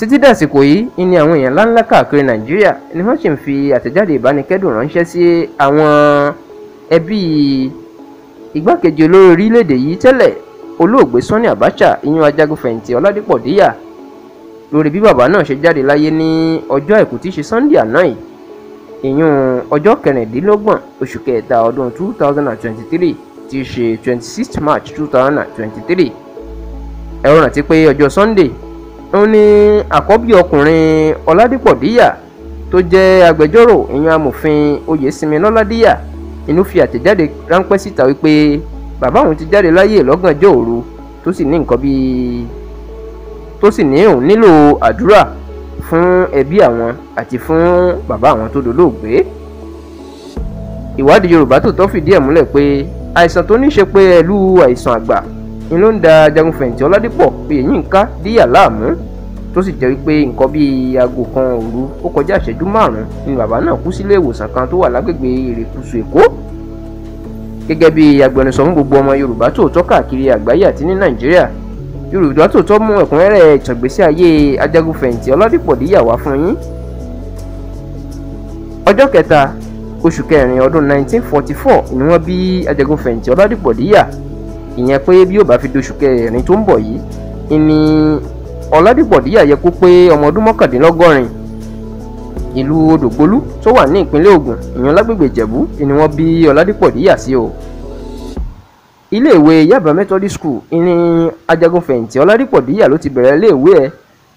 títí dàsìkò yìí ni àwọn èèyàn ńláńlá káàkiri nàìjíríà ni wọ́n sì ń fi àtẹ̀jáde ìbánikẹ́dùn ránṣẹ́ sí àwọn ẹbí igbákejì olórí orílẹ̀-èdè yìí tẹ́lẹ̀ olóògbé Sani Abacha ìyún ajagunfẹ̀yìntì Ọládìpọ̀ Díyà lórí bí bàbá náà ṣe jáde láyé ní ọjọ́ àìkú tí í ṣe Sunday àná yìí ìyún ọjọ́ kẹrìndínlọ́gbọ̀n oṣù kẹta ọdún twenty tí í ṣe 26 March 2023 ẹ rántí pé ọjọ́ Sunday ń ní àkọ́bí ọkùnrin ọládípọ̀ díyà tó jẹ́ agbẹjọ́rò ìyẹn amòfin oyèsìnmi lọ́ládíyà inú fi àtẹ̀jáde ráńpẹ́ síta wípé bàbá òun ti jáde láyè lọ́gànjọ́ òru tó sì ní nǹkan bíi tó sì ní òun nílò àdúrà fún ẹbí àwọn àti fún bàbá àwọn tó dolóògbé ìwádìí Yorùbá Tòótọ́ fìdí ẹ̀ múlẹ̀ pé àìsàn tó ní í ṣe pẹ̀lú àìsàn àgbà n ló ń da jagun fẹ̀yìntì ọládìpọ̀ oyèyínká díyà láàmú tó sì jẹ́ wípé nǹkan bíi aago kan òru ó kọjá ìṣẹ́jú márùn-ún ni bàbá náà kú sílé ìwòsàn kan tó wà lágbègbè ìrèkùsù èkó gẹ́gẹ́ bí agbẹnusọ fún gbogbo ọmọ yorùbá tòótọ́ káàkiri àgbáyé àti ní nàìjíríà yorùbá tòótọ́ mú ẹ̀kúnrẹ́rẹ́ ìtàngbésí ayé ajagunfẹ̀yìntì ọládìpọ̀ díyà wá fún yín ọjọ́ kẹta oṣù kẹrin ọdún 1944 ni wọ́n bí ajagunfẹ̀yìntì ọládìpọ̀ díyà ìyẹn pé bí ó bá fi doṣù kẹrin tó ń bọ̀ yìí ìní ọ̀làdìpọ̀ díyà yẹ kó pé ọmọ ọdún mọ́kàndínlọ́gọ́rin ìlú odògbólú tó wà ní ìpínlẹ̀ Ògùn ìyẹn lágbègbè Ìjẹ̀bú ni wọ́n bí ọ̀làdìpọ̀ díyà sí o iléèwé Yaba Methodist School ìní ajagunfẹ̀yìntì ọ̀làdìpọ̀ díyà ló ti bẹ̀rẹ̀ iléèwé ẹ̀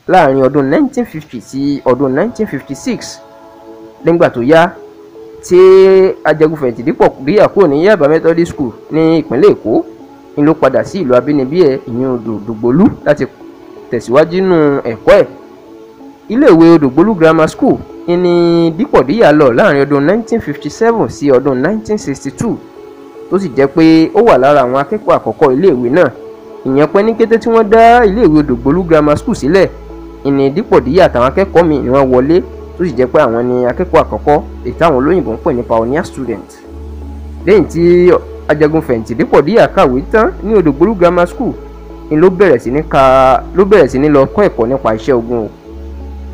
láàrin ọdún 1950 sí ọdún 1956 nígbà tó yá tí ajagunfẹ̀yìntì dípò díyà kúrò ní Yaba Methodist School ní ìpínlẹ̀ Èkó n ló padà sí ìlú abínibí ẹ̀ ìyẹn Odògbòlú láti tẹ̀síwájú nínú ẹ̀kọ́ ẹ̀ iléèwé Odògbòlú grammar school ìní Dípòdíyà lọ láàrin ọdún 1957 sí ọdún 1962 tó sì jẹ́ pé ó wà lára àwọn akẹ́kọ̀ọ́ àkọ́kọ́ iléèwé náà ìyẹn pé ní kété tí wọ́n dá iléèwé Odògbòlú grammar school sílẹ̀ ìní Dípòdíyà àtàwọn akẹ́kọ̀ọ́ mi ni wọ́n wọlé tó sì jẹ́ pé àwọn ni akẹ́kọ̀ọ́ àkọ́kọ́ èyí táwọn olóyìnbó ń pè ní pioneer student lẹ́yìn tí ajagunfẹ̀yìntì dípòdíyà kàwé tán ní odògbólú grammar school ni ló bẹ̀rẹ̀ sí ní ka ló bẹ̀rẹ̀ sí ní lọ kọ́ ẹ̀kọ́ nípa iṣẹ́ ogun o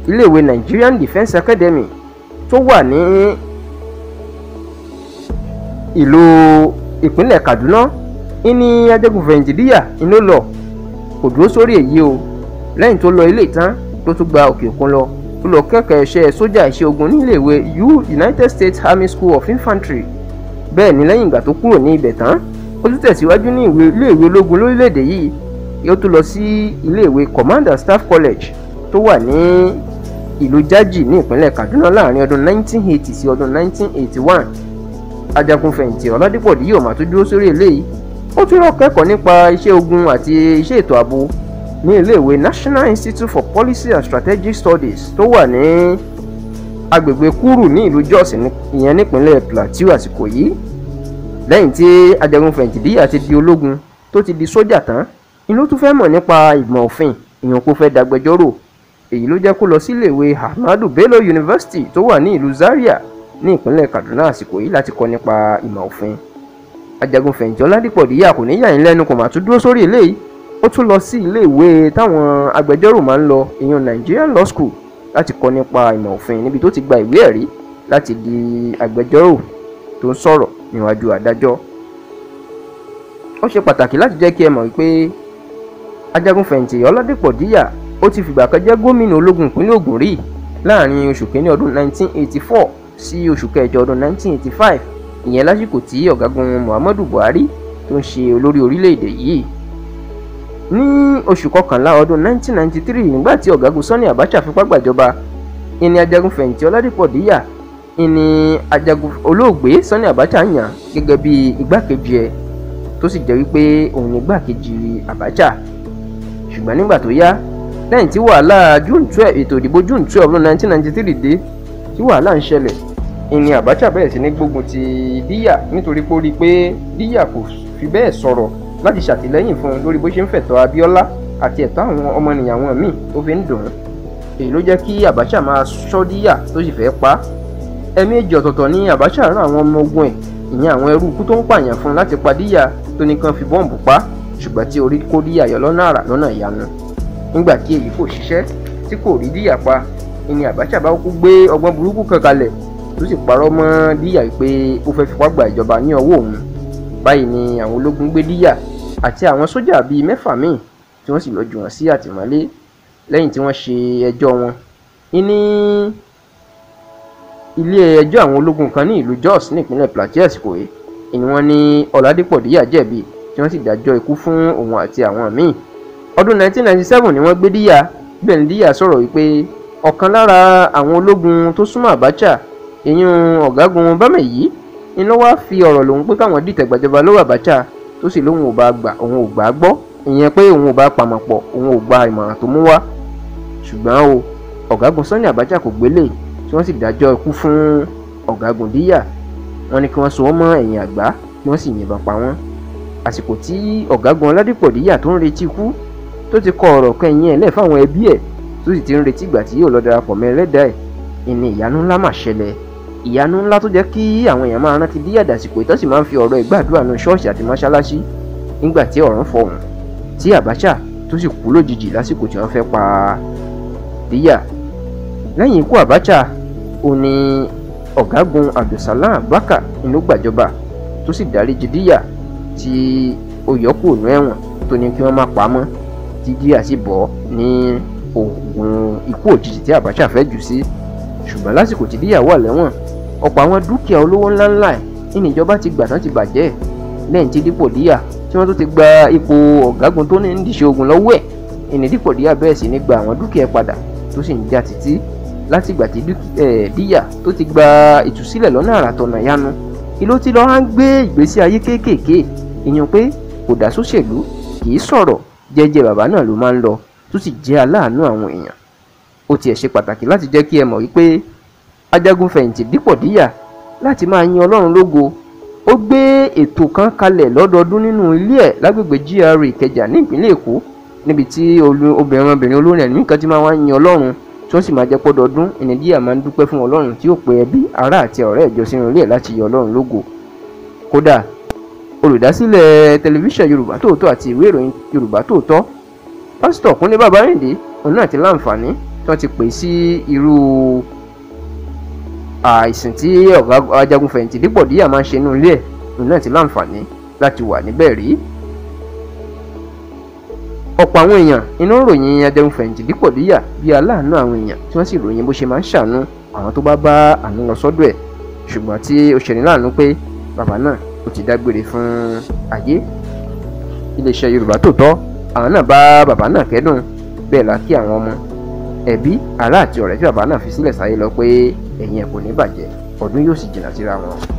iléèwé Nigerian Defence Academy tó wà ní ìlú ìpínlẹ̀ Kaduna ní ajagunfẹ̀yìntì díyà ni ó lọ kò dúró sórí èyí o lẹ́yìn tó lọ ilé ìtàn tó tún gba òkè òkun lọ tó lọ kẹ́kọ̀ọ́ iṣẹ́ sójà iṣẹ́ ogun ní United States Army School of Infantry bẹ́ẹ̀ ni lẹ́yìn ìgbà tó kúrò ní ibẹ̀ tán ó tún tẹ̀síwájú ní iléèwé ológun lórílẹ̀‐èdè yìí ó tún lọ sí iléèwé Commander Staff College tó wà ní ìlú Jaji ní ìpínlẹ̀ Kaduna láàrin ọdún 1980 sí ọdún 1981 ajagunfẹ̀yìntì Ọládípọ̀ Díyọ̀ mà tún dúró sórí eléyìí ó tún lọ kẹ́kọ̀ọ́ nípa iṣẹ́ ogun àti iṣẹ́ ètò ààbò ní iléèwé National Institute for Policy and Strategic Studies tó wà ní agbègbè kúrú ní ìlú Jos ìyẹn nípínlẹ̀ Plateau àsìkò yìí lẹ́yìn tí ajagunfẹ̀yìntì Díyà ti di ológun tó ti di sójà tán ni ló tún fẹ́ mọ̀ nípa ìmọ̀ òfin èèyàn kò fẹ́ èyí ló jẹ́ kó lọ síléèwé Ahmadu Bello University tó wà ní ìlú Zaria ní ìpínlẹ̀ Kaduna àsìkò yìí láti kọ́ nípa ìmọ̀ òfin ajagunfẹ̀yìntì Ọládìpọ̀ Díyà kò ní yà yín lẹ́nu kò mà tún dúró sórí eléyìí ó tún lọ sí iléèwé táwọn agbẹjọ́rò máa ń lọ ìyẹn Nigerian Law School láti kọ́ nípa ìmọ̀ òfin níbi tó ti gba ìwé ẹ̀rí láti di agbẹjọ́rò tó ń sọ̀rọ̀ níwájú adájọ́ ó ṣe pàtàkì láti jẹ́ kí ẹ mọ̀ wípé ajagunfẹ̀yìntì ọládìpọ̀ díyà ó ti fìgbà kan jẹ́ gómìnà ológun ìpínlẹ̀ Ògùn rí láàrin oṣù kínní ọdún 1984 sí oṣù kẹjọ ọdún 1985 ìyẹn lásìkò tí ọ̀gágun Muhammadu Buhari tó ń ṣe olórí orílẹ̀-èdè yìí ní oṣù kọkànlá ọdún 1993 nígbà tí ọ̀gágun Sani Abacha fipá gbàjọba ìní ajagun fẹ̀yìntì Ọládìpọ̀ Díyà ìní ajagun olóògbé Sani Abacha yàn gẹ́gẹ́ bí igbákejì ẹ̀ tó sì jẹ́ wípé òun ni igbákejì Abacha ṣùgbọ́n nígbà tó yá lẹ́yìn tí wàhálà June 12 ètò ìdìbò June 12 ọdún 1993 dé tí wàhálà ń ṣẹlẹ̀ ìní Abacha bẹ̀rẹ̀ sí ní gbógun ti Díyà nítorí pé ó rí i pé Díyà kò fi bẹ́ẹ̀ sọ̀rọ̀ láti ṣàtìlẹ́yìn fún un lórí bó ṣe ń fẹ̀tọ́ Abíọ́lá àti ẹ̀tọ́ àwọn ọmọnìyàn àwọn míì tó fi ń dùn ún èyí ló jẹ́ kí Abacha máa ṣọ́díyà tó sì fẹ́ẹ́ pa á ẹ̀ẹ̀mejì ọ̀tọ̀ọ̀tọ̀ ni Abacha rán àwọn ọmọ ogun ẹ̀ ìyẹn àwọn ẹrú ikú tó ń pààyàn fún un láti padíyà tó nìkan fi bọ́ǹbù pa ṣùgbọ́n tí orí kó díyà yọ lọ́nà àrà lọ́nà ìyanu nígbà tí èyí kò ṣiṣẹ́ tí kò rí díyà pa ìní Abacha bá kú gbé ọgbọ́n burúkú kan kalẹ̀ tó sì parọ́ mọ́ díyà pé ó fẹ́ fipá gba ìjọba ní ọwọ́ òun báyìí ni àwọn ológun gbé díyà àti àwọn sójà bíi mẹ́fà míì tí wọ́n sì lọ́ọ́ jù wọ́n sí àtìmọ́lé lẹ́yìn tí wọ́n ṣe ẹjọ́ wọn ní ilé ẹjọ́ àwọn ológun kan ní ìlú Jos nípínlẹ̀ Plateau èkó ni wọ́n ní Ọládípọ̀ jẹ̀bi tí wọ́n sì dájọ́ ikú fún òun àti àwọn míì ọdún 1997 ni wọ́n gbé Díyà bẹ́ẹ̀ ni Díyà sọ̀rọ̀ wípé ọ̀kan lára àwọn ológun tó súnmọ́ Abacha ìyún ọ̀gágun Bámẹ̀yí ni ló wá fi ọ̀rọ̀ lòun pé káwọn dìtẹ̀ lọ́wọ́ Abacha tó sì lóun ò bá gbà òun ò gbà gbọ́ ìyẹn pé òun ò bá pamọ́ pọ̀ òun ò gba ìmọ̀ràn tó mú wá ṣùgbọ́n o ọ̀gágun Sani Abacha kò gbélé tí wọ́n sì dájọ́ ikú fún ọ̀gágun díyà wọ́n ní kí wọ́n so wọ́n mọ́ ẹ̀yìn àgbá kí wọ́n sì yìnbọn pa wọ́n àsìkò tí ọ̀gágun Ọládìpọ̀ díyà tó ń retí ikú tó ti kọ ọ̀rọ̀ kẹyìn ẹ̀ lẹ́ẹ̀ fáwọn ẹbí ẹ̀ tó sì ti ń retí ìgbà tí yóò lọ darapọ̀ mẹ́rẹ́dà ẹ̀ ìní ìyanu ńlá mà ṣẹlẹ̀ ìyanu ńlá tó jẹ́ kí àwọn èèyàn máa rántí bí àdàsìkò ìtọ́ sì máa ń fi ọ̀rọ̀ ìgbàdúrà nu ṣọ́ọ̀ṣì àti mọ́ṣáláṣí nígbà tí ọ̀run fọhùn tí Abacha tó sì kú lójijì lásìkò tí wọ́n fẹ́ pa Díyà lẹ́yìn ikú Abacha ó ní ọ̀gágun Abdulsalam Baka inú gbàjọba tó sì dáríjì Díyà tí ó yọ kúrò ní ẹ̀wọ̀n tó ní kí wọ́n má pa á mọ́ tí Díyà sì bọ́ ní oògùn ikú òjijì tí Abacha fẹ́ jù sí ṣùgbọ́n lásìkò tí Díyà wà lẹ́wọ̀n ọ̀pọ̀ àwọn dúkìá olówó ńláńlá ẹ̀ ní ìjọba ti gbà tán ti bàjẹ́ ẹ̀ lẹ́yìn tí dípò díyà tí wọ́n tó ti gba ipò ọ̀gágun tó ní ìdíṣẹ́ ogun lọ́wọ́ ẹ̀ ní dípò díyà bẹ́ẹ̀ sì ní gba àwọn dúkìá padà tó sì ń já títí láti ìgbà tí díyà tó ti gba ìtúsílẹ̀ lọ́nà àràtọ̀nà yanu ìlú ti lọ́ọ́ ń gbé ìgbésí ayé kéékèèké ìyẹn pé kò dá sóṣèlú kì í sọ̀rọ̀ jẹ́jẹ́ bàbá náà ló máa ń lọ tó sì jẹ́ aláàánú àwọn èèyàn ó tiẹ̀ ṣe pàtàkì láti jẹ́ kí ẹ mọ̀ wípé ajagunfẹ̀yìntì dípòdíyà láti máa yin ọlọ́run lógo ó gbé ètò kan kalẹ̀ lọ́dọọdún nínú ilé ẹ̀ lágbègbè GRA ìkẹjà ní ìpínlẹ̀ èkó níbi tí obìnrin obìnrin olórin ẹ̀mí kan ti máa wá yin ọlọ́run tí wọ́n sì máa jẹ́ pọ́dọọdún ìnìdíyà máa ń dúpẹ́ fún ọlọ́run tí ó pe ẹbí ará àti ọ̀rẹ́ ìjọ sínú ilé ẹ̀ láti yin ọlọ́run lógo kódà olùdásílẹ̀ tẹlifíṣàn yorùbá tòótọ́ àti ìwé ìròyìn yorùbá tòótọ́ pásítọ̀ kúnlé bàbá rìndé òun náà ti láǹfààní tí wọ́n ti pè sí irú àìsàn tí ọ̀gá ajagunfẹ̀yìntì Dípòdíyà máa ń ṣe inú ilé ẹ̀ náà ti láǹfààní láti wà níbẹ̀ rí. ọ̀pọ̀ àwọn èèyàn inú ròyìn ajagunfẹ̀yìntì Dípòdíyà bíi aláàánú àwọn èèyàn tí wọ́n sì ròyìn bó ṣe máa ń ṣàánú àwọn tó bá bá àánú lọ sọ́dọ̀ ẹ̀ ṣùgbọ́n tí ó ṣe ní láàánú pé bàbá náà ó ti dágbére fún ayé iléeṣẹ́ Yorùbá Tòótọ́ àwọn náà bá bàbá náà kẹ́dùn bẹ́ẹ̀ la kí àwọn ọmọ ẹbí ará àti ọ̀rẹ́ tí bàbá náà fi sílẹ̀ sáyé lọ pé ẹ̀yìn ẹ̀ kò ní bàjẹ́ ọdún yóò sì jìnnà síra wọn.